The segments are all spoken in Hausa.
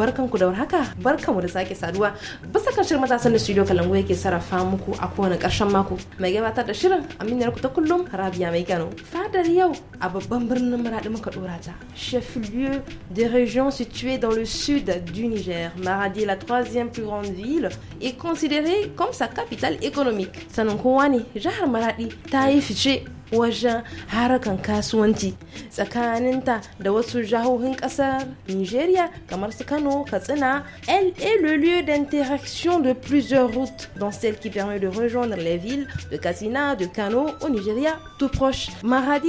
barkanku da warhaka barkanmu da sake saduwa bisa kan shirin matasan da studio kalangu yake sarrafa muku a kowane karshen mako mai gabatar da shirin aminiyar ku ta kullum rabia mai kano fadar yau a babban birnin maradi muka dora ta chef lieu de région situé dans le sud du Niger Maradi la troisième plus grande ville est considérée comme sa capitale économique sanin kowa ne jihar maradi ta yi fice wajen harakan kasuwanci tsakaninta da wasu nigeria kamar kano elle est le lieu d'interaction de plusieurs routes dont celle qui permet de rejoindre les villes de katsina de kano au nigeria tout proche maradi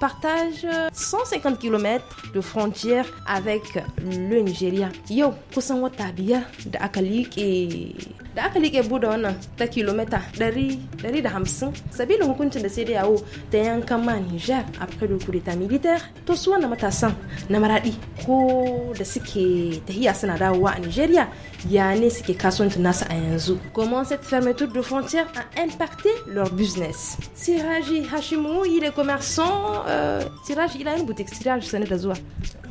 partage 150 km de frontière avec le nigeria Yo, kusan wata biyar da aka da aka liƙe buda wannan ta kilomita 150 sabilin hukuncin da sai da yawo ta yankan ma Niger a fakar kurita militaire to su wannan matasan na maradi ko da suke tahiya suna dawowa a Nigeria ya ne suke kasuwancin nasu a yanzu. Comment cette fermeture de frontières a impacté leur business? Siraji Hashimu, il est commerçant. Euh, Siraj, il a une boutique. Siraj, ce n'est pas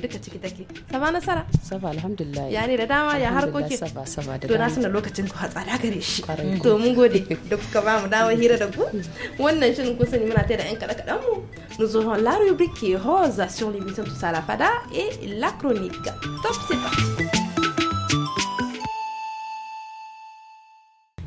duka ciki take saba nasara saba alhamdulillah ya ne da dama ya harkoki saba saba da to na sanar lokacin ku hatsara gare shi to mun gode da kuka ba mu dawo hira da ku wannan shirin kun sani muna tare da yan kada kadan mu nous aurons la rubrique rose sur l'émission tout ça la fada et la chronique top c'est parti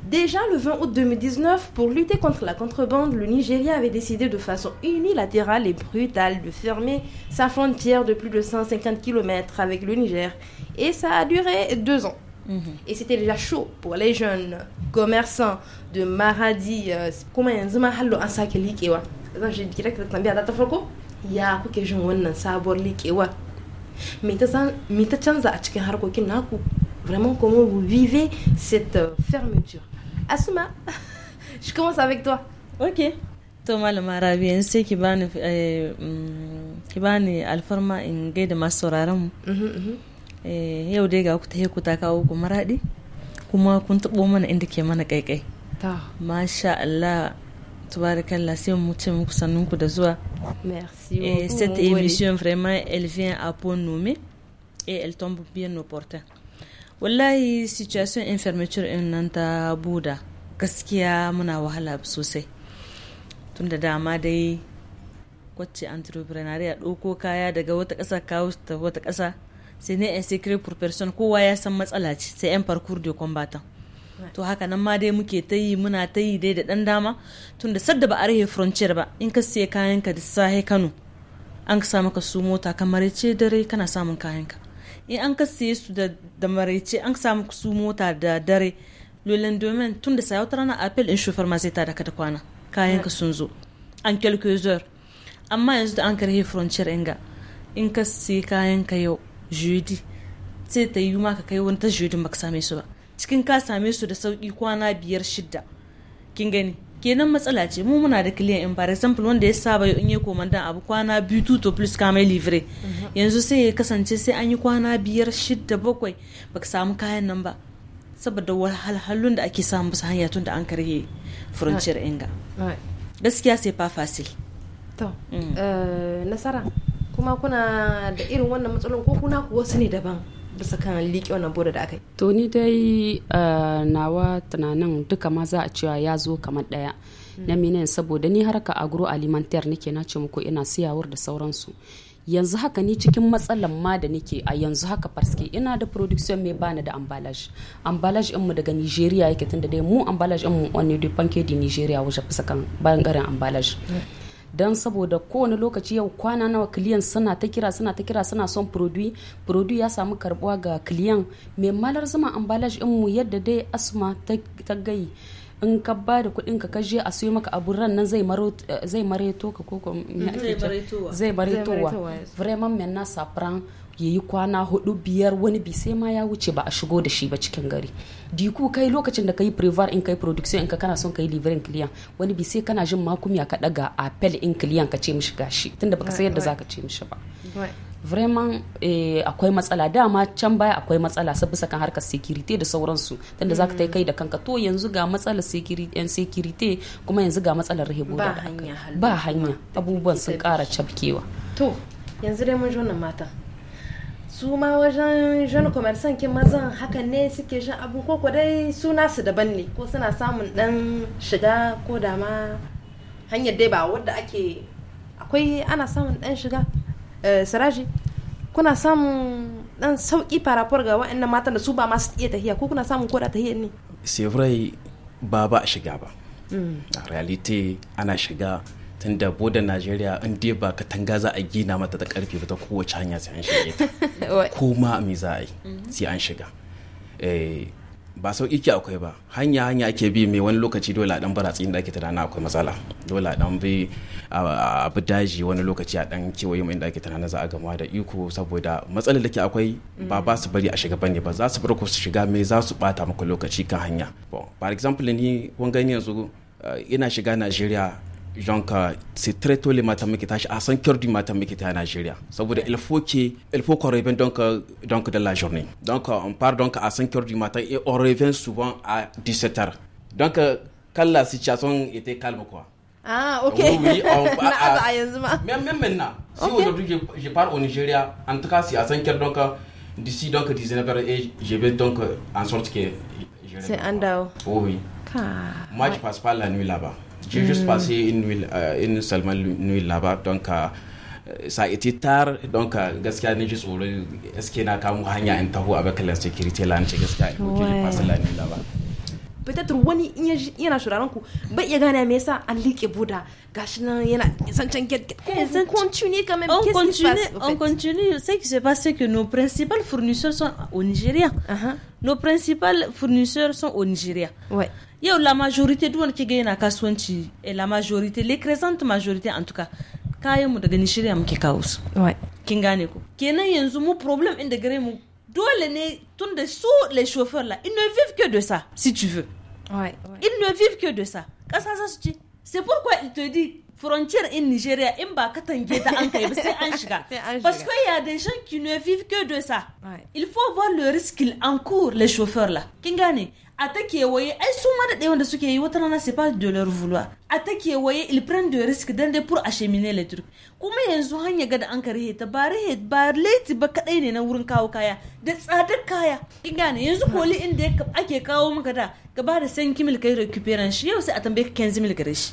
Déjà le 20 août 2019, pour lutter contre la contrebande, le Nigeria avait décidé de façon unilatérale et brutale de fermer sa frontière de plus de 150 km avec le Niger. Et ça a duré deux ans. Mhm. Et c'était déjà chaud pour les jeunes commerçants de Maradi. vraiment comment vous vivez cette euh, fermeture Asma, je commence avec toi. Ok. Thomas le Marabien, c'est sai ki euh, mm, bani ki bani alfarma in gaida masu sauraron mu mhm, mhm. eh, yau dai ga ku ta ku ta kawo ku maradi kuma kun tabo mana inda ke tu kaikai masha Allah tubarakallah sai mu ce muku sannun ku da eh, cette émission vraiment elle vient à point nommé et elle tombe bien au portail. wallahi situation in in nan ta buda gaskiya muna wahala sosai tunda dama dai kwacce entrepreneuria ɗauko kaya daga wata ƙasa kawo ta wata ƙasa sai ne a secret profession kowa ya san matsala ce sai yan parcours de combattant to haka nan ma dai muke ta yi muna ta yi dai da ɗan dama tunda sadda ba a rahe frontier ba in ka siya kayanka da sahe kano an ka sa maka su mota kamar ce dare kana samun kayanka in an ka siye su da maraice an samu su mota da dare lolan domin tun da sayo rana apel in shofar ma zai tada ka da kwana kayan ka sun zo an zuwar amma yanzu da an karhe frontier inga in ka siye kayan ka yau jeudi sai ta yi ma ka kai wani ta jeudi ba ka same su ba cikin ka same su da sauki kwana biyar shidda kin gani kenan matsala ce mu muna da client in for example wanda ya saba in ya komandan abu kwana biyu two to plus ka mai livre mhm. yanzu sai ya kasance sai an yi kwana biyar shidda bakwai baka samu kayan nan ba saboda wahalhalun da ake samu bisa hanya tun da an karhe frontier inga gaskiya sai fa fasil to mm. eh, nasara kuma kuna da irin wannan matsalolin ko kuna ku wasu ne daban bisa kan liƙe wannan bodar da aka yi to ni dai eh, nawa tunanin duka ma za a cewa ya zo kamar ɗaya na minin hmm. saboda ni harka agro alimantar nake na ce muku ina siyawar da sauransu yanzu haka ni cikin matsalan ma da nake a yanzu haka farske ina da production mai bani da ambalaj ambalaj mu daga nigeria yake tunda dai mu ambalaj mu wani dupanke di nigeria wajen fisa kan bangaren ambalaj hmm. don saboda kowane lokaci yau kwana nawa kiliyan suna ta kira suna ta kira suna son produit produit ya samu karbuwa ga kiliyan mai malar zama in mu yadda dai asma ta gai in ka ba da kuɗin ka je a siyo maka abun ran nan zai mareto ka eh, koko zai baretowa vraiment men na sapran ya yi kwana hudu biyar wani bi sai ma ya wuce ba a shigo da shi ba cikin gari diku kai lokacin da kai prevar in kai production in ka kana son kai livering client wani bi sai kana jin makumiya ka daga apel in client ka ce mishi gashi tunda baka sayar da zaka ce mishi ba vraiment eh, akwai matsala dama can baya akwai matsala sabu kan harkar security da sauransu tunda zaka ta kai da kanka to yanzu ga matsalar security eh, security kuma yanzu ga matsalar rahibu ba hanya ba hanya abubuwan sun kara cabkewa to yanzu dai mun jona mata su ma wajen jan komersan kin mazan hakan ne suke shan abu ko dai su nasu daban ne ko suna samun dan shiga ko da ma hanyar dai ba wadda ake akwai ana samun dan shiga eh, siraji kuna samun dan sauki farafar ga waɗannan matan da su ba masu iya tahiya ko kuna samun koda tahiyar ne sevrai ba ba shiga ba mm. a reality ana shiga tunda da najeriya in dai ba katanga za a gina mata ta karfe ba ta kowace hanya sai an shige ta ko ma me za a yi mm-hmm. sai an shiga eh, ba sau iki akwai ba hanya hanya ake bi mai wani lokaci dole a dan baratsin da ake tunana akwai matsala dole a dan bi abu daji wani lokaci a dan kewaye mai da ake tunana za a gama da iko saboda matsalar da ke akwai ba ba su bari a shiga bane ba za su bar ku su shiga mai za su bata maka lokaci kan hanya for example ni wanga ni yanzu eh, ina shiga Najeriya Donc, c'est très tôt le matin, mais à 5 h du matin, mais en Nigeria. Ça veut dire qu'il faut qu'on revienne donc, euh, donc de la journée. Donc, euh, on part donc à 5 h du matin et on revient souvent à 17 h Donc, euh, quand la situation était calme, quoi. Ah, ok. Oui, même, maintenant, si aujourd'hui je, pars au Nigeria, en tout cas, c'est à 5 h donc d'ici donc 19h, et je vais donc en sorte que. C'est Andao. Oh, oui. Moi, je je passe pas la nuit là-bas. J'ai juste hmm. passé une nuit, euh, nuit là-bas. Donc, euh, ça a été tard. Donc, euh, Gaskia ne juste y est na kamo hanya un avec l'insécurité là, bas passé la nuit là-bas. Peut-être wani in yana Mais il y a un il à bah, mais ça y a nan yana sancan get on continue quand même on continue on continue ce qui se passe c'est que nos principaux fournisseurs sont au Nigeria uh-huh. nos principaux fournisseurs sont au Nigeria ouais yau la majorité duk wanda kiga yana kasuwanci la majorité l'écrasante majorité en tout cas kayan mu daga Nigeria muke kawo su kin gane ko kenan yanzu mu problem inda gare mu dole ne tun da su les chauffeurs là ils ne vivent que de ça si tu veux ouais, ouais. ils ne vivent que de ça kasa za su c'est pourquoi il te dit frontière in Nigéria, in ba ka tange ta an kai ba sai an shiga parce qu'il y a des gens qui ne vivent que de ça ouais. il faut voir le risque qu'ils encourent les chauffeurs là kin a ta kewaye ai su ma da wanda suke yi wata rana sai pas de leur vouloir a ta kewaye il prend de risque dan dai pour acheminer le truc kuma yanzu hanya ga da an ka rihe ta ba rihe ba leti ba kadai ne na wurin kawo kaya da tsadar kaya kin gane yanzu koli inda ake kawo maka da ba da san kimil kai recuperant shi yau sai a tambaye ka kenzi mil gare shi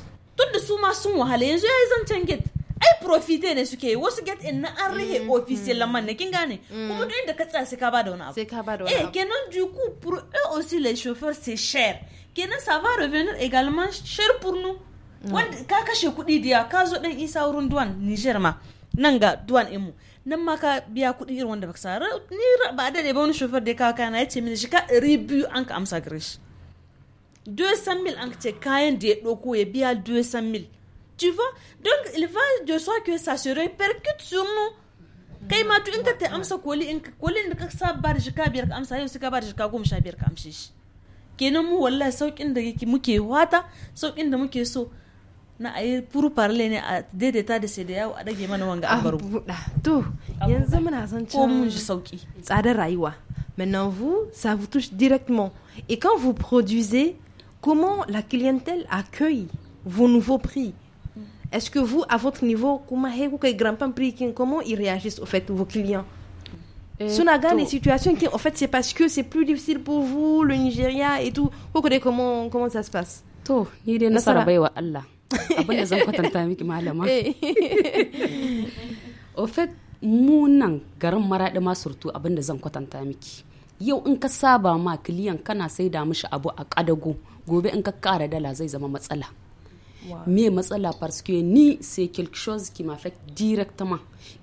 da su ma sun wahala yanzu yi zancen gate ai profite ne suke yi wasu get in na an rahe mm, officiel mm. lamar ne kin gane kuma mm. duk inda ka tsaya sai ka bada wani abu sai ka bada wani eh, abu eh kenan du coup pour eux aussi les chauffeurs c'est cher kenan ça va revenir également cher pour nous wanda ka kashe kuɗi diya ka zo dan isa wurin duwan Niger ma nan ga duwan mu nan ma ka biya kuɗi irin wanda baka sara ni ba da ba wani chauffeur da ya kawo kana ya ce mini shi ka ɗari biyu an ka amsa gare shi 200 mil an ce kayan da ya ɗauko ya biya 200 mil Tu vois Donc, il va de soi que ça se répercute sur nous. kai ma tu in te amsa koli in koli da ka sa bar ka biyar ka amsa yau suka bar ka goma sha biyar ka amshe ne mu wallahi saukin da yake muke wata saukin da muke so na ayi Pour parler parle ne a daidaita da sai da yawo a dage mana wanga an baro to yanzu muna son ko mun ji sauki tsadar rayuwa maintenant vous ça vous touche directement et quand vous produisez comment la clientèle accueille vos nouveaux prix est-ce que vous, à votre niveau, comment ils réagissent au fait, vos clients euh, Sunaga, les situations qui, en fait, c'est parce que c'est plus difficile pour vous, le Nigeria et tout. Comment, comment ça se passe To, ni dai nasara Allah. Abin da zan kwatanta miki malama. Eh. Au fait, mu nan garin de ma surtu abin da zan kwatanta miki. Yau in ka saba ma client kana saida mishi abu a kadago, gobe in ka kara dala zai zama matsala. me matsala parce que ni c'est quelque chose qui m'affecte directement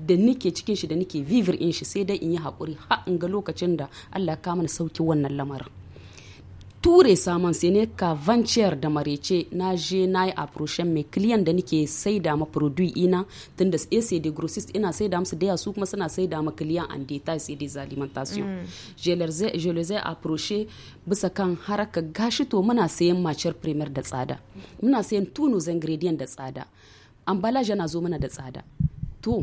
da nike cikin shi da nike vivir in shi sai dai in yi haƙuri ha in ga lokacin da Allah ka na sauki wannan lamarin ture saman sai ne ka vanciyar da marece na je na yi aproshen mai kiliyan da nake sai da ma produi ina tun da ese de grossist ina sai da musu daya su kuma suna sai da ma kiliyan an ta sai des alimentation mm. je les ai approché bisa kan haraka gashi to muna sayan macer primer da tsada muna sayan tunos ingredient da tsada ambalaje yana zo mana da tsada to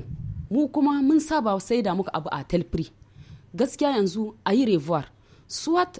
mu kuma mun saba sai da muka abu a telpri gaskiya yanzu a yi revoir swat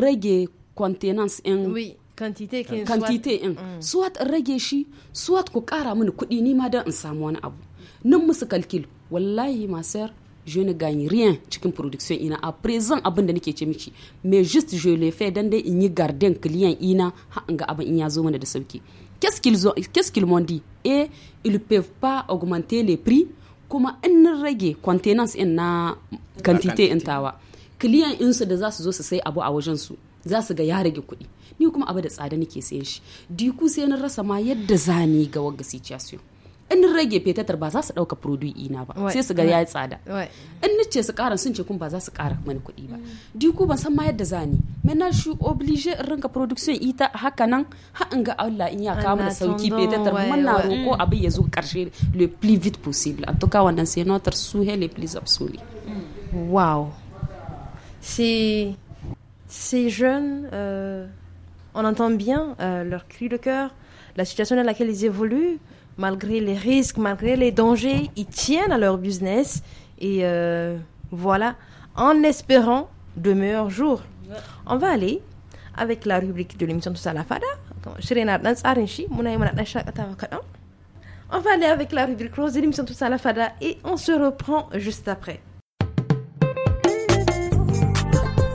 rage contenance in oui. quantité in quantité in mm. suwat rage shi suwat ku kara mini kuɗi ni ma dan in samu wani abu nan musu kalkil wallahi ma sir je ne gagne rien cikin production ina a présent abin da nake ce miki mais juste je le fais dan dai in yi garden client ina ha in ga abin in ya zo mana da sauki qu'est-ce qu'ils ont qu'est-ce qu'ils m'ont dit et eh, ils peuvent pas augmenter les prix kuma in rage contenance in na quantité in tawa client insu da za su zo su sai abu a wajen su za su ga ya rage kuɗi ni kuma abu da tsada nake sayan shi diku sai na rasa ma yadda zani ga wagga situation in rage fetatar ba za su ɗauka produi ina ba sai su ga ya yi tsada in ce su ƙara sun ce kun ba za su ƙara mani kuɗi ba diku ban san ma yadda zani ni mena shi oblige in rinka production ita haka nan ha in ga Allah in ya kawo da sauki fetatar muna roƙo mm. abin ya zo ƙarshe le plus vite possible an tuka wannan sai notar su he le plus absolu wow sai ces jeunes, euh, on entend bien euh, leur cri de cœur, la situation dans laquelle ils évoluent, malgré les risques, malgré les dangers, ils tiennent à leur business et euh, voilà, en espérant de meilleurs jours. On va aller avec la rubrique de l'émission Tout à la Fada. On va aller avec la rubrique de l'émission Tout la et on se reprend juste après.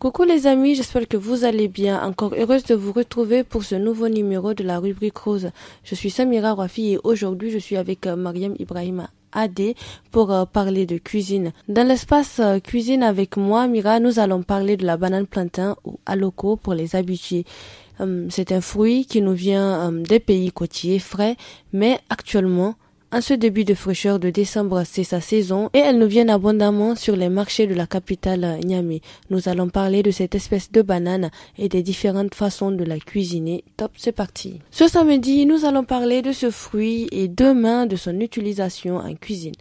Coucou les amis, j'espère que vous allez bien. Encore heureuse de vous retrouver pour ce nouveau numéro de la rubrique rose. Je suis Samira Rafi et aujourd'hui je suis avec euh, Mariam Ibrahim Adé pour euh, parler de cuisine. Dans l'espace euh, cuisine avec moi, Mira, nous allons parler de la banane plantain ou aloco pour les habitués. C'est un fruit qui nous vient des pays côtiers frais, mais actuellement, en ce début de fraîcheur de décembre, c'est sa saison et elles nous viennent abondamment sur les marchés de la capitale Niamey. Nous allons parler de cette espèce de banane et des différentes façons de la cuisiner. Top, c'est parti. Ce samedi, nous allons parler de ce fruit et demain de son utilisation en cuisine.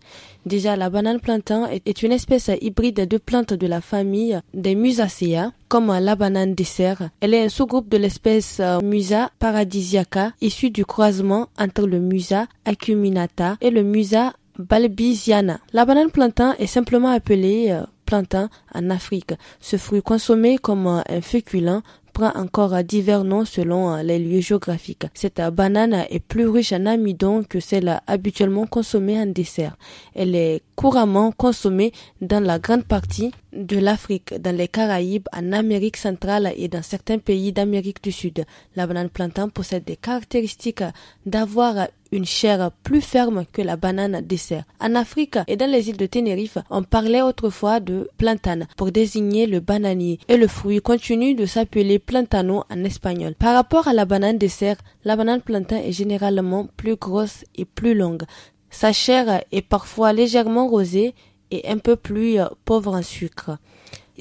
Déjà, la banane plantain est une espèce hybride de plantes de la famille des Musaceae, comme la banane dessert. Elle est un sous-groupe de l'espèce euh, Musa paradisiaca, issue du croisement entre le Musa acuminata et le Musa balbisiana. La banane plantain est simplement appelée euh, plantain en Afrique. Ce fruit consommé comme euh, un féculent prend encore euh, divers noms selon les lieux géographiques. Cette banane est plus riche en amidon que celle habituellement consommée en dessert. Elle est couramment consommée dans la grande partie de l'Afrique, dans les Caraïbes, en Amérique centrale et dans certains pays d'Amérique du Sud. La banane plantain possède des caractéristiques d'avoir une chair plus ferme que la banane dessert. En Afrique et dans les îles de Tenerife, on parlait autrefois de plantane pour désigner le bananier et le fruit continue de s'appeler plantano en espagnol. Par rapport à la banane dessert, la banane plantain est généralement plus grosse et plus longue. Sa chair est parfois légèrement rosée et un peu plus euh, pauvre en sucre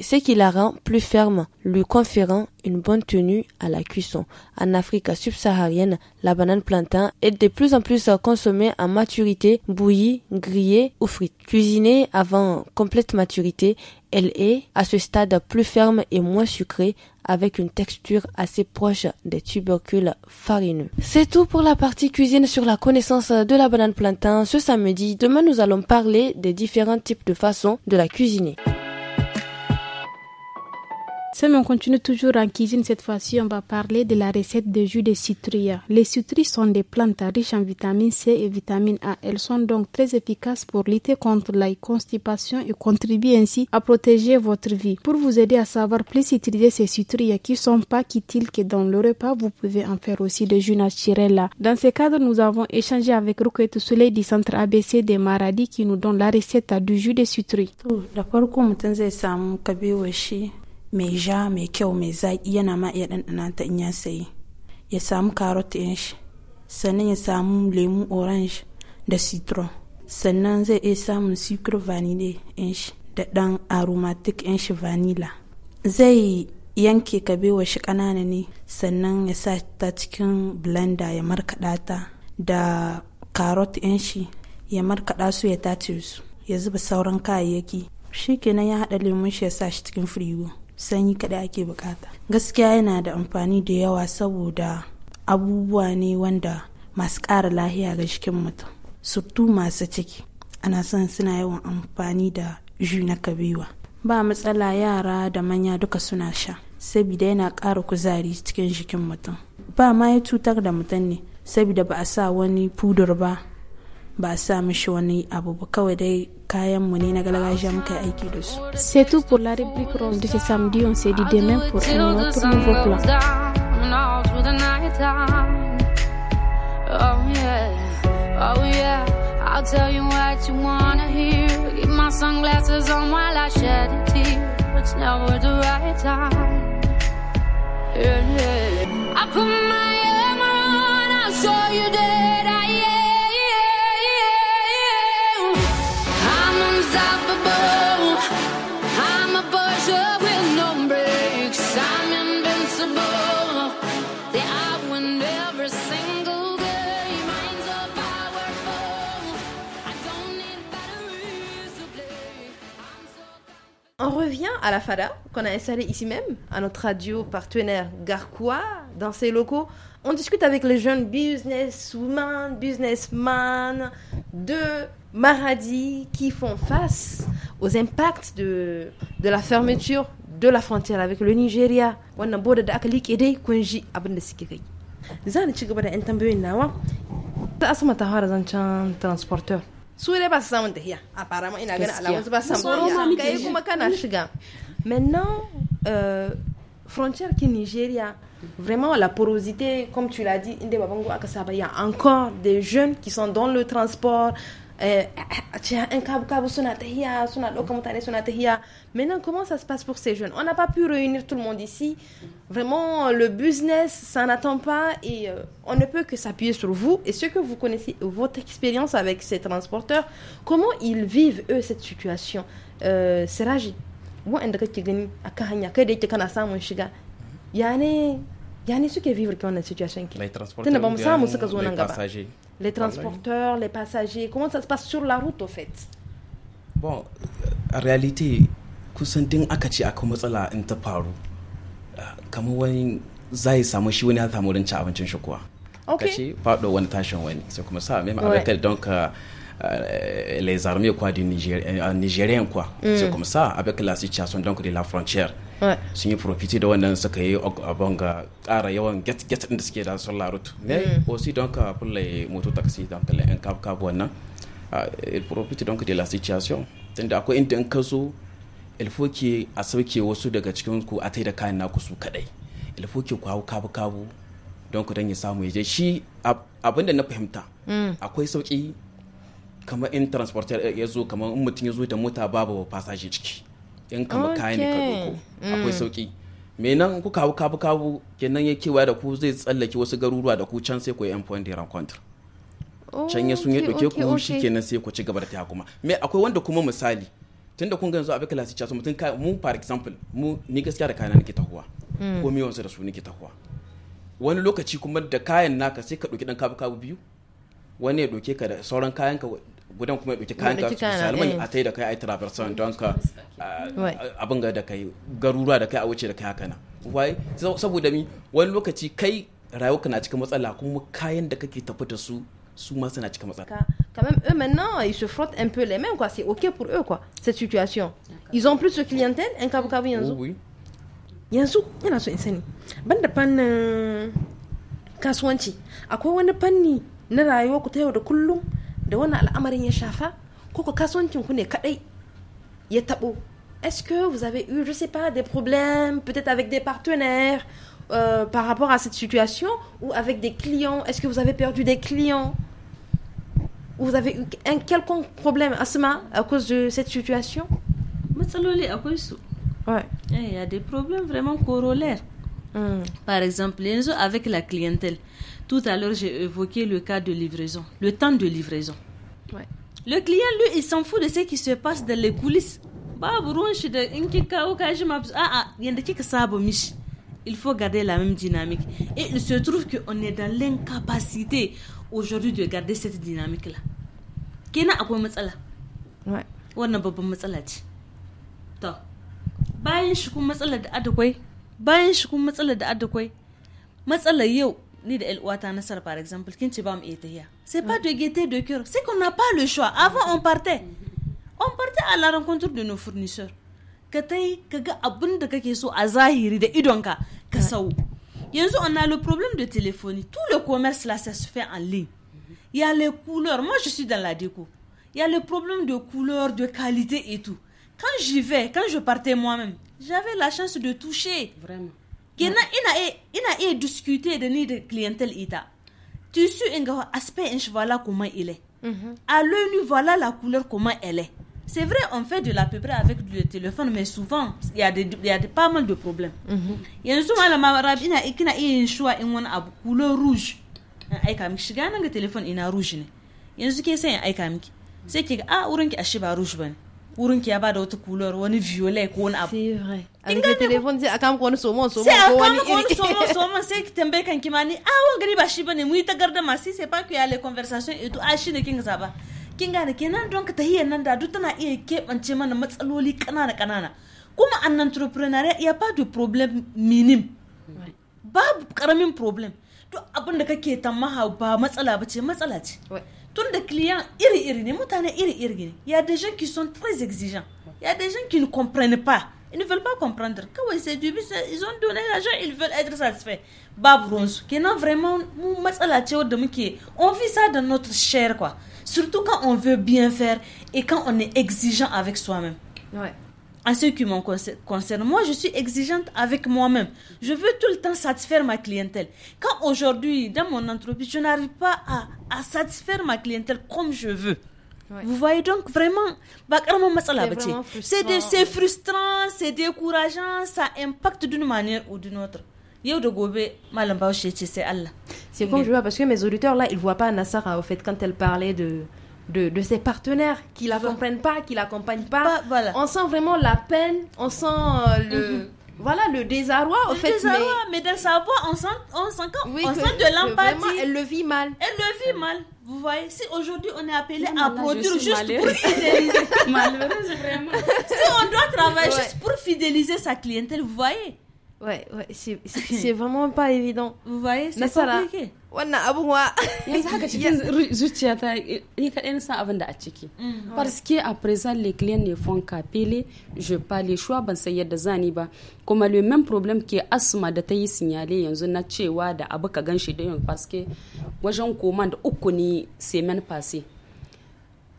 ce qui la rend plus ferme, lui conférant une bonne tenue à la cuisson. En Afrique subsaharienne, la banane plantain est de plus en plus consommée en maturité, bouillie, grillée ou frite. Cuisinée avant complète maturité, elle est à ce stade plus ferme et moins sucrée avec une texture assez proche des tubercules farineux. C'est tout pour la partie cuisine sur la connaissance de la banane plantain ce samedi. Demain, nous allons parler des différents types de façons de la cuisiner. Sam, on continue toujours en cuisine. Cette fois-ci, on va parler de la recette de jus de citrouille. Les citrouilles sont des plantes riches en vitamine C et vitamine A. Elles sont donc très efficaces pour lutter contre la constipation et contribuent ainsi à protéger votre vie. Pour vous aider à savoir plus utiliser ces citrouilles qui sont pas quittiles que dans le repas, vous pouvez en faire aussi de jus naturel. Dans ce cadre, nous avons échangé avec Roquette Soleil du centre ABC des maladies qui nous donne la recette du jus de citrouille. mai ja mai kyau mai zaƙi yana ma iya ɗanɗana ta in ya sayi ya samu carrot ɗin shi sannan ya samu lemu orange da citron sannan zai iya samun sucre vanille ɗin shi da ɗan aromatic ɗin shi vanilla zai yanke kabewa shi ƙanana ne sannan ya sa ta cikin blender ya markaɗa ta da carrot ɗin shi ya markaɗa su ya tace su ya zuba sauran kayayyaki shi kenan ya haɗa lemun shi ya sa shi cikin firigo sanyi kaɗai ake bukata gaskiya yana da amfani da yawa saboda abubuwa ne wanda masu ƙara lahiya ga jikin mutum sutu masu ciki ana son suna yawan amfani da ju na kabewa ba matsala yara da manya duka suna sha saboda yana ƙara kuzari cikin jikin mutum ba ma ya cutar da mutum ne saboda ba a sa wani fudur ba C'est tout pour la réplique rose de ce samedi. On se dit demain pour un autre nouveau plan. Oh, oh yeah, I'll tell you what you wanna hear. Keep my sunglasses on while I shed a tear. It's never the right time. Yeah, yeah. I put my armor on, I'll show you à la FADA, qu'on a installé ici même, à notre radio partenaire Garquois, dans ses locaux. On discute avec les jeunes businesswomen, businessmen de Maradi qui font face aux impacts de, de la fermeture de la frontière avec le Nigeria. transporteur su dai ba su samun a pas ma ina ganin kuma kana shiga maintenant euh, frontière qui Nigeria vraiment la porosité comme tu l'as dit il y a encore des jeunes qui sont dans le transport eh, eh, maintenant comment ça se passe pour ces jeunes on n'a pas pu réunir tout le monde ici vraiment le business ça n'attend pas et euh, on ne peut que s'appuyer sur vous et ce que vous connaissez votre expérience avec ces transporteurs comment ils vivent eux cette situation C'est euh, Seraji waɗanda a hanya kai kana situation les transporteurs, les passagers Comment ça se passe sur la route, au fait Bon, en réalité, quand din a commencé aka matsala in ta faru, kamar wani zai samu shi wani ya samu wurin cin abincin shi kuwa. Okay. Kace faɗo wani tashin wani, sai kuma sa eh, les armées quoi du Niger, eh, nigérien quoi c'est comme ça avec la situation donc de la frontière Eh. sun yi profiti da wannan suka yi abin ga ƙara yawan get get da suke da sun larutu ne mm. eh, osi don ka fulle moto taxi don ka lai'in kabu wannan ah, il profiti don ka de la situation tunda akwai inda in ka zo il faut a sauke wasu daga cikin ku a da kayan naku su kadai il faut ku hau kabu kabu don ku dan ya samu ya je shi da na fahimta mm. akwai sauki kamar in transporter ya zo kamar in mutum ya zo da mota babu fasashi ciki in kama kaya ne ka doko akwai mm. sauki me nan ku kawo kabu kabu kenan ya kewa da ku zai tsallake wasu garuruwa da ku can sai ku yi point de rencontre can ya sun ya doke ku shi kenan sai ku ci gaba da ta kuma me akwai wanda kuma misali tun da kun ga yanzu abin klasi chasu mutum ka mu for example mu ni gaskiya da kayana nake tahuwa mm. ko me wansu da su nake tahuwa wani lokaci kuma da kayan naka sai ka doki dan kabu kabu biyu wani ya doke ka da sauran kayan ka gudan kuma ɗauki kayan ka salman eh. a tai da kai a yi traversan don ka abin ga da kai garuruwa da kai a wuce da kai haka nan wai saboda mi wani lokaci kai rayuwarka na cikin matsala kuma kayan da kake tafi da su su ma suna cikin matsala quand même eux maintenant ils se frottent un peu les mains quoi c'est ok pour eux quoi cette situation ils ont plus de clientèle oh en kabu kabu yanzu yanzu yana so in sani ban da fannin euh, kasuwanci akwai wani fanni na rayuwa ku ta yau da kullum est-ce que vous avez eu je sais pas des problèmes peut-être avec des partenaires euh, par rapport à cette situation ou avec des clients est-ce que vous avez perdu des clients ou vous avez eu un quelconque problème Asma à cause de cette situation ouais. il eh, y a des problèmes vraiment corollaires hmm. par exemple avec la clientèle tout à l'heure, j'ai évoqué le cas de livraison, le temps de livraison. Ouais. Le client, lui, il s'en fout de ce qui se passe dans les coulisses. Ah, ah, il faut garder la même dynamique. Et il se trouve qu'on est dans l'incapacité aujourd'hui de garder cette dynamique-là. Qu'est-ce Kena Tu matsala. fait babban matsala ce. To, Tu shi fait un da adakwai, temps. shi as fait da adakwai, matsalar yau ni de par exemple c'est pas de gaieté de cœur c'est qu'on n'a pas le choix avant on partait on partait à la rencontre de nos fournisseurs on a le problème de téléphonie tout le commerce là ça se fait en ligne il y a les couleurs moi je suis dans la déco il y a le problème de couleurs de qualité et tout quand j'y vais quand je partais moi-même j'avais la chance de toucher vraiment quand ina ina e, e discuter de ni de clientèle ita tu su un aspect inch voilà comment il est mhm. à l'œil voilà la couleur comment elle est c'est vrai, on fait de la peu près avec le téléphone, mais souvent, il y a, des, il y a pas mal de problèmes. Mhm. Il y a souvent la marabina et qu'il y a un choix et on a couleur rouge. il y shiga na téléphone ina rouge ne. Yanzu ke sai aika miki. Sai ki ah a ki couleur rouge wurin ki ya bada wata kular wani violet ko wani abu in da telefon sai aka maka wani somon somon ko wani iri sai aka wani somon somon sai ki tambaye kan ki ma ni a ah, wani gari ba shi bane mu yi ta garda ma sai sai faku ya le conversation ito eh a ah, shi ne kin ba. kin gane kenan don ka tahiyar nan da duk tana iya keɓance mana matsaloli kanana kanana kuma an entrepreneur ya ba da problem minim babu karamin problem duk abin da kake tamaha ba matsala ba ce matsala ce Tous clients, il y a des gens qui sont très exigeants. Il y a des gens qui ne comprennent pas. Ils ne veulent pas comprendre. Quand ils ont donné l'argent, ils veulent être satisfaits. qui vraiment On vit ça dans notre chair, quoi. Surtout quand on veut bien faire et quand on est exigeant avec soi-même en ce qui me concerne, moi, je suis exigeante avec moi-même. Je veux tout le temps satisfaire ma clientèle. Quand aujourd'hui, dans mon entreprise, je n'arrive pas à, satisfaire ma clientèle comme je veux. Vous voyez donc vraiment, bah, c'est frustrant, c'est décourageant, ça impacte d'une manière ou d'une autre. C'est comme je vois, parce que mes auditeurs, là, ils ne voient pas Nassara, au fait, quand elle parlait de, de, de, ses partenaires qui la comprennent pas, qui l'accompagnent pas. On sent vraiment la peine, on sent euh, le mm-hmm. voilà le désarroi au le Désarroi, mais, mais dans on sent on sent de l'empathie. Elle le vit mal. Elle le vit mal. Vous voyez, si aujourd'hui on est appelé à produire juste pour fidéliser, vraiment. Si on doit travailler juste pour fidéliser sa clientèle, vous voyez. Ouais, ouais, c'est vraiment pas évident. Vous voyez, c'est compliqué. wannan abun wa yanzu haka cikin zuciya ta ni kaɗai na san abin da a ciki mm. parce que a présent les clients ne font qu'appeler je pas les choix ban san yadda zani ba kuma le même problème ke asma da ta yi signaler yanzu na cewa da abu ka ganshi da yin parce que wajen command uku ne semaine passée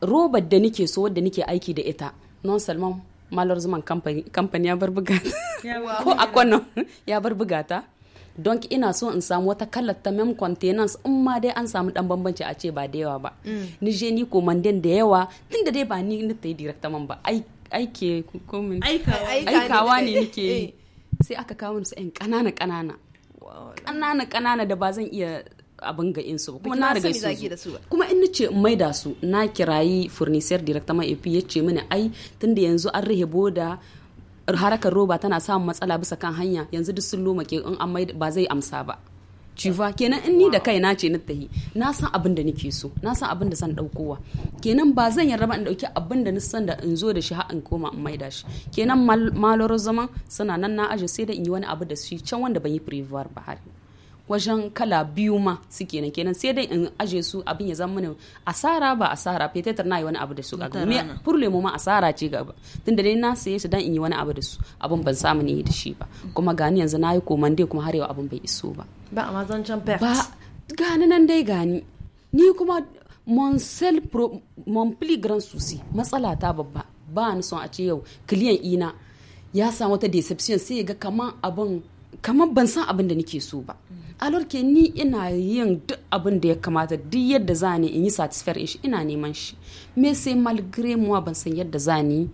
robar da nike so wadda nike aiki da ita non seulement malheureusement kamfani ya bar buga ko a ya bar bugata don ina so in samu wata kalar ta mem containers in ma dai an samu dan bambanci a ce ba da yawa ba mm. ni je ni komanden da yawa tunda dai ba ni na ta yi man ba aike komin aikawa ne nake yi eh. sai aka kawo su yan kanana kanana kanana kanana da ba zan iya abin ga insu ba kuma na riga su kuma in nace in da su na kirayi furnisher directement epi ya ce mini ai tunda yanzu an rahe boda harakar roba tana samun matsala bisa kan hanya yanzu duk sun ke in mai ba zai amsa ba civa kenan in ni da kai na ce na tahi na san abin da nake so na san abin da san daukowa kenan ba zan yarda ba in dauki abin da san da in zo da shi har in koma in maida shi kenan maloro zaman suna nan na aje sai da in yi wani abu da shi can wanda ban yi prevoir ba har wajen kala biyu ma su kenan kenan sai dai in aje su abin ya zama mana asara ba asara fetetar na yi wani abu da su ga gumi furle mu ma asara ce gaba tunda dai na saye su dan in yi wani abu da su abin ban samu ne da shi ba kuma gani yanzu na yi dai kuma har yau abin bai iso ba ba amma zancen pet ba gani nan dai gani ni kuma monsel pro mon grand souci matsala ta babba ba ni son a ce yau client ina ya samu wata deception sai ga kaman abin kaman ban san abin da nake so ba alorke ni ina yin duk abin da ya kamata duk yadda za ni in yi in shi ina neman shi me sai malgré moi ban san yadda za ni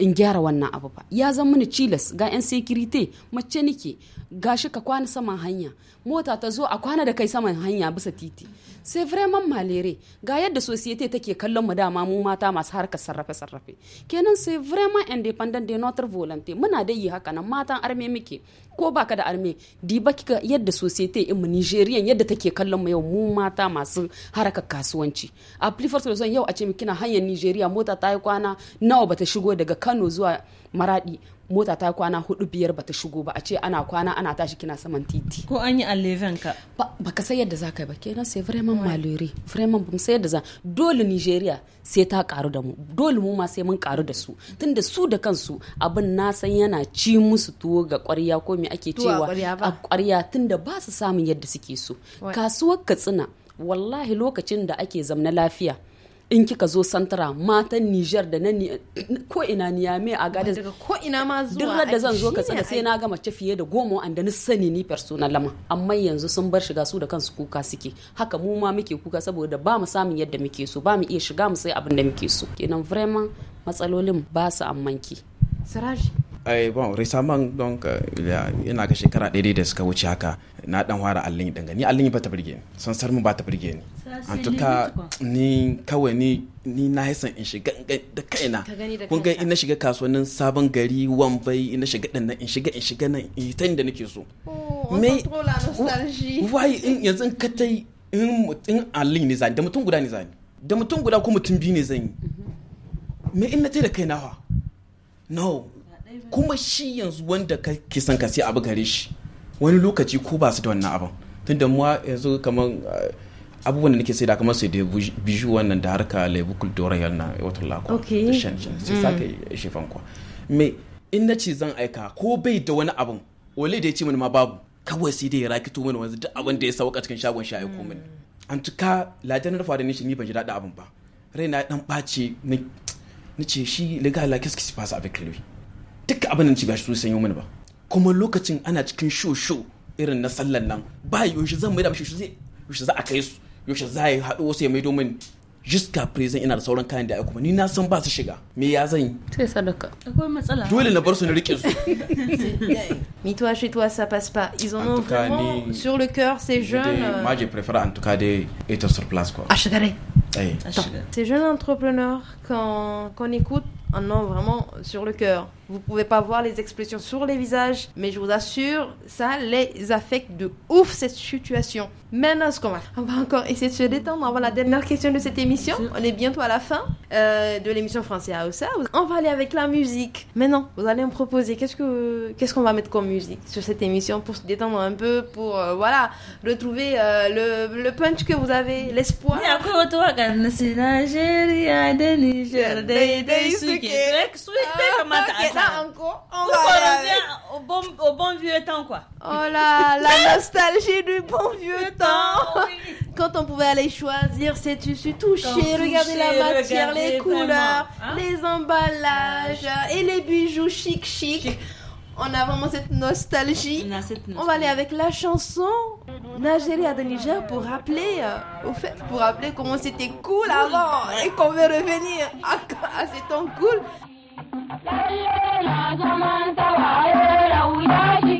in gyara wannan abu ba ya zan mini cilas ga yan sekirite mace nike gashi ka kwana saman hanya mota ta zo a kwana da kai saman hanya bisa titi sai vraiment malere ga yadda societe take kallon mu dama mu mata masu harka sarrafe sarrafe kenan sai vraiment independent de notre volonté muna da yi haka nan matan arme muke ko baka da arme diba kika yadda societe in mu Nigerian yadda take kallon mu yau mu mata masu harkar kasuwanci a plifar yau a ce kina hanyar Nigeria mota ta yi kwana nawa bata shigo daga kano zuwa maradi mota ta kwana hudu biyar bata shigo ba a ce ana kwana ana tashi kina saman titi ko an yi alleven ka ba baka sai yadda zaka yi ba kenan sai vraiment malure vraiment bum sai yadda za dole Nigeria sai ta karu da mu dole mu ma sai mun karu da su tunda su da kansu abin na san yana ci musu tuwo ga ƙwarya ko me ake cewa a ƙwarya tunda ba su samun yadda suke so kasuwar Katsina wallahi lokacin da ake zamna lafiya in kika zo santara matan Nijar da na ko ina Niyame a gadin daga ko ina ma zuwa duk da zan zo ka tsaka sai na gama mace fiye da goma wanda ni sani ni personal lama amma yanzu sun bar shiga su da kansu kuka suke haka mu ma muke kuka saboda ba mu samun yadda muke so ba mu iya shiga mu sai abin da muke so kenan vraiment matsalolin ba su ki siraji ai bon récemment donc ina ga shekara 100 da suka wuce haka na dan fara allin din ni allin ba ta burge ni sar mu ba ta burge ni an tuka ni kawai ni ni na hisan in shiga da kaina kun ga ina shiga kasuwannin sabon gari wambai ina shiga din nan in shiga in shiga nan in ta da nake so oh, me wai in yanzu ka tai in mutun allin ne zani da mutum guda ne zani da mutum guda ko mutum biyu ne zan yi mhm. me in na tai da kaina fa no kuma shi yanzu wanda kake son ka sai abu gare shi wani lokaci ko ba su da wannan abin tunda mu yanzu kamar abubuwan da nake sai da kamar sai da biju wannan da harka lebu kultura yana wata lako da shan shan sai sake shefan kwa me in na ce zan aika ko bai da wani abin wale da ya ce mini ma babu kawai sai dai ya rakito mini wanzu duk abin da ya sauka cikin shagon shi aiko mini an tuka ladan rufa da nishi ni ban ji daɗin abin ba raina dan ɓace ni ce shi legal la qu'est-ce qui abin passe duk abin nan ci ba shi sun sanyo mana ba kuma lokacin ana cikin show show irin na sallan nan ba yaushe zan mai da shi zai yaushe za a kai su yaushe za a haɗu wasu ya mai domin jiska prison ina da sauran kayan da ya kuma ni na san ba su shiga me ya zan yi sai sadaka akwai matsala dole na bar su na rike su mi toi chez toi ça passe pas ils ont vraiment sur le cœur ces jeunes euh. moi je préfère en tout cas de être sur place quoi Achagare. Hey. Ces jeunes entrepreneurs, quand, quand on écoute, on en a vraiment sur le cœur. Vous pouvez pas voir les expressions sur les visages, mais je vous assure, ça les affecte de ouf cette situation. Maintenant, ce qu'on va, on va encore essayer de se détendre avant la dernière question de cette émission. Mm. On est bientôt à la fin euh, de l'émission Française à Osa. On va aller avec la musique. Maintenant, vous allez me proposer qu'est-ce que qu'est-ce qu'on va mettre comme musique sur cette émission pour se détendre un peu, pour euh, voilà retrouver euh, le, le punch que vous avez, l'espoir encore, on revient au bon, vieux temps, quoi. Oh là, la nostalgie du bon vieux temps. Quand on pouvait aller choisir ses tissus, toucher, regarder la matière, les couleurs, hein. les emballages ah, et les bijoux chic. chic. on a vraiment cette nostalgie. On, va aller avec la chanson Nigeria de Niger pour rappeler, euh, au fait, pour rappeler comment c'était cool avant et qu'on veut revenir à, à ces temps cool. Lalle na zaman tawaye da wuya shi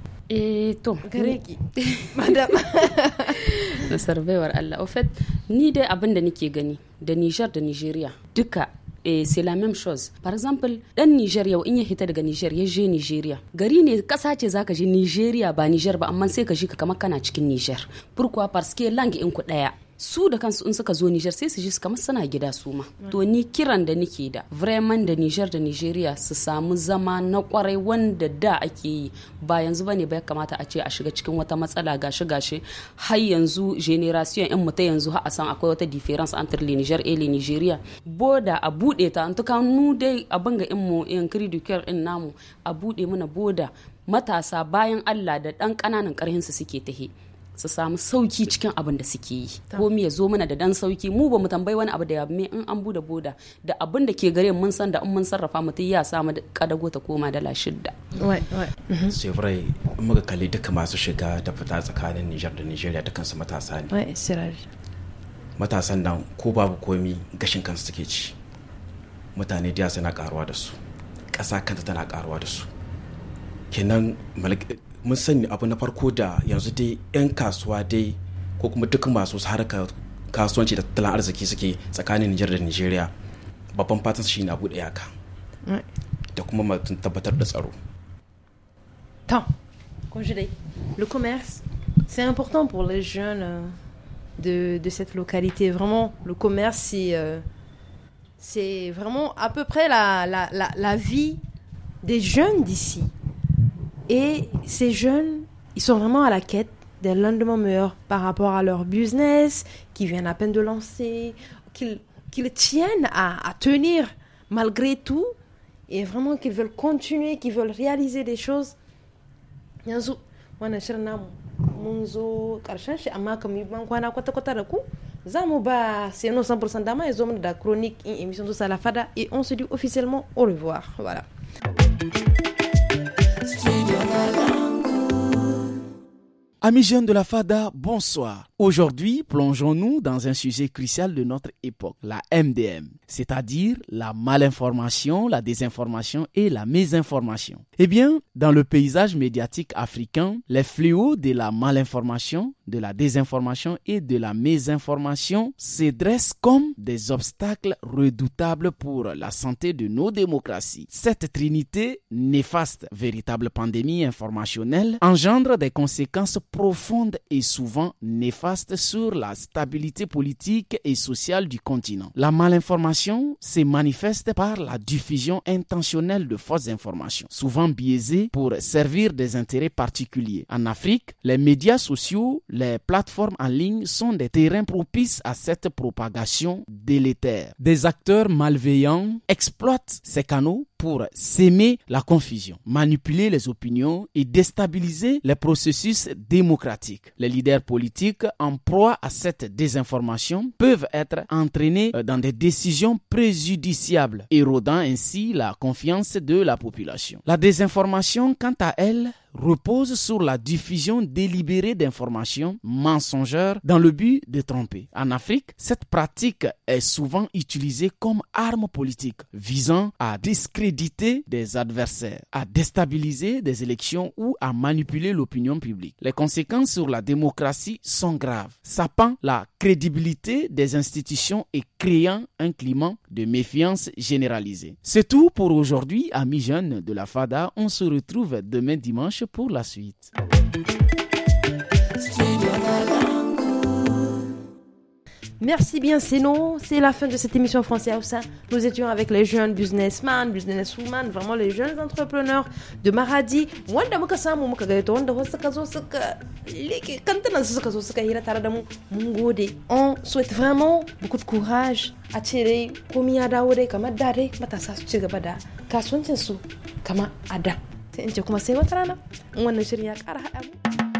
eh to gare madam Allah fait ni dai abin da nake gani da Niger da Nigeria duka eh, c'est la même chose par exemple dan niger yau in ya hita daga niger ya je nigeria gari ne kasa ce zaka je nigeria ba niger ba amma sai ka shi ka kama kana cikin niger pourquoi parce que langue in ku daya su da kansu in suka zo Nijar sai su ji kamar suna gida su ma to ni kiran da nike da vraiment da Nijar da Nigeria su samu zama na kwarai wanda da ake yi ba yanzu bane ba ya kamata a ce a shiga cikin wata matsala gashi gashi har yanzu generation yan mu ta yanzu har a san akwai wata difference entre le Niger et le Nigeria boda a bude ta an tuka nu dai abin ga in mu in credit in namu a bude mana boda matasa bayan Allah da dan kananan karhin su suke tahe su samu sauki cikin abin da suke yi ko ya zo mana da dan sauki mu ba mu tambayi wani abu da ya me in an bude boda da abin da ke gare mun san da in mun sarrafa mutum ya samu kadago ta koma dala shidda mhm. sevrai muka kalli duka masu shiga da fita tsakanin nijar da nigeria da kansu matasa ne matasan nan ko babu komi gashin kansu suke ci mutane da suna karuwa da su ƙasa kanta tana karuwa da su kenan mun sani abu na farko da yanzu dai 'yan kasuwa dai ko kuma duk masu harkar kasuwanci da tattalin arziki suke tsakanin Nijar da Nigeria babban fatan shi na bude yaka da kuma mutum tabbatar da tsaro. Tant, comme le commerce, c'est important pour les jeunes euh, de, de cette localité. Vraiment, le commerce, c'est euh, c'est vraiment à peu près la, la, la, la vie des jeunes d'ici. Et ces jeunes, ils sont vraiment à la quête d'un lendemain meilleur par rapport à leur business, qui viennent à peine de lancer, qu'ils qu tiennent à, à tenir malgré tout, et vraiment qu'ils veulent continuer, qu'ils veulent réaliser des choses. yanzu wannan shirin zo karshen shi amma kan yi ban kwana kwata-kwata da ku za mu ba seno 100% dama ya zo mana da chronique in émission de salafada et on se dit officiellement au revoir voilà Amis jeunes de la FADA, bonsoir. Aujourd'hui, plongeons-nous dans un sujet crucial de notre époque, la MDM, c'est-à-dire la malinformation, la désinformation et la mésinformation. Eh bien, dans le paysage médiatique africain, les fléaux de la malinformation, de la désinformation et de la mésinformation se dressent comme des obstacles redoutables pour la santé de nos démocraties. Cette trinité néfaste, véritable pandémie informationnelle, engendre des conséquences profondes et souvent néfastes sur la stabilité politique et sociale du continent. La malinformation se manifeste par la diffusion intentionnelle de fausses informations, souvent biaisées pour servir des intérêts particuliers. En Afrique, les médias sociaux, les plateformes en ligne sont des terrains propices à cette propagation délétère. Des acteurs malveillants exploitent ces canaux pour s'aimer la confusion, manipuler les opinions et déstabiliser les processus démocratiques. Les leaders politiques en proie à cette désinformation peuvent être entraînés euh, dans des décisions préjudiciables, érodant ainsi la confiance de la population. La désinformation, quant à elle, repose sur la diffusion délibérée d'informations mensongères dans le but de tromper. En Afrique, cette pratique est souvent utilisée comme arme politique visant à discréditer des adversaires, à déstabiliser des élections ou à manipuler l'opinion publique. Les conséquences sur la démocratie sont graves, sapant la crédibilité des institutions et créant un climat de méfiance généralisée. C'est tout pour aujourd'hui, amis jeunes de la FADA. On se retrouve demain dimanche pour la suite. Merci bien, c'est C'est la fin de cette émission française Nous étions avec les jeunes businessmen, businesswomen, vraiment les jeunes entrepreneurs de Maradi. On souhaite vraiment beaucoup de courage a il y a comme il y a Ince kuma sai wata rana in wannan shirin ya ƙara haɗa mu.